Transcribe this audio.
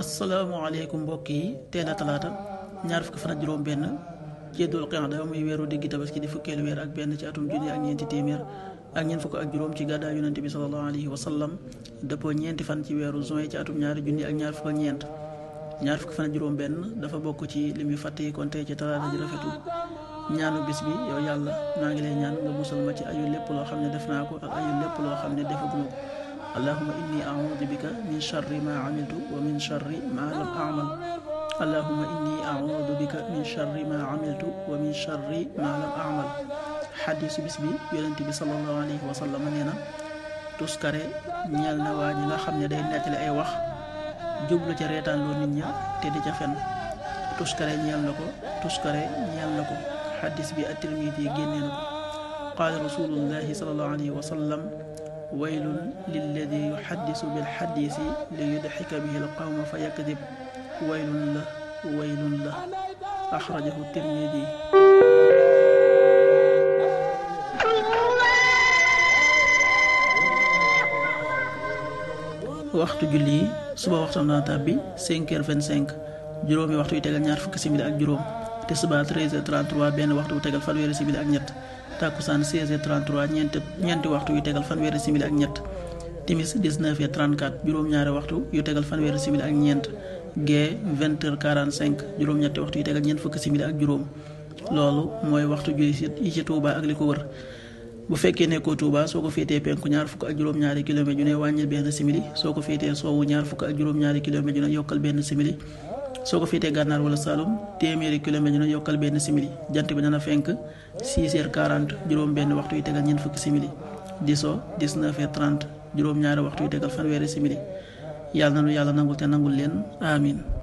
asalaamaaleykum mbokk yi tey la talaata ñaar fukki fan ak juróom-benn ci dul qa'da muy weeru diggi tabaski di fukkeelu weer ak benn ci atum junni ak ñeenti téeméer ak ñeent fukk ak juróom ci gàddaay yonente bi sallallahu alayhi wa sallam dëppoo ñeenti fan ci weeru juin ci atum ñaari junni ak ñaar fu ak ñeent ñaar fukki fan ak juróom-benn dafa bokk ci lim yu fàtte kon tey ci talaata ji rafetu ñaanu bis bi yow yàlla maa ngi lay ñaan nga musal ma ci ayu lépp loo xam ne def naa ko ak lépp loo xam ne defaguma allahuma inni audu bika min charri ma amiltu wa min charri ma lam amal allahuma inni audu bika min charri ma amiltu wa min charri ma lam amal xadiisu bis bi yonent bi sallallahu alayhi wa sallam nee na tuskare ñeel na waa ñi xam ne day nettali ay wax jublu ca reetaan loo nit te di ca fen tuskare ñeel na ko tuskare ñeel na ko xadis bi at-Tirmidi génnee na ko qaala rasulullahi sallallahu alayhi wa sallam waylun lilladi yuxaddisu bilxaddiisi li yudxika bihi alqawma fa yakdib waylun la waylun la axrajahu tirmidi waxtu julli yi suba waxtu na tàbbi 5h25 juróomi waxtu yu tegal ñaar fukki simili ak juróom tisbaar 13h33 benn waxtu bu tegal fanweeri simili ak ñett takkusaan 16h33 ñeenti ñeenti waxtu yu tegal fanweeri simili ak ñett timis 19h34 juróom-ñaari waxtu yu tegal fanweeri simili ak ñeent gee 20h45 juróom-ñetti waxtu yu tegal ñeent fukk simili ak juróom loolu mooy waxtu julli yi ci Touba ak li ko wër bu fekkee nekkoo Touba soo ko féetee penku ñaar fukk ak juróom-ñaari kilomètre yu ne wàññil benn simili soo ko féetee soowu ñaar fukk ak juróom-ñaari kilomètre yu ne yokkal benn simili soo ko fiitee gànnaar wala Saloum téeméeri kilomètre dina yokkal benn simili jant bi dana fenk 6 heures 40 juróom benn waxtu yu tegal ñeent fukki simili di soo 19 heures 30 juróom ñaari waxtu yu tegal fanweeri simili yàlla na nu yàlla nangul te nangul leen amin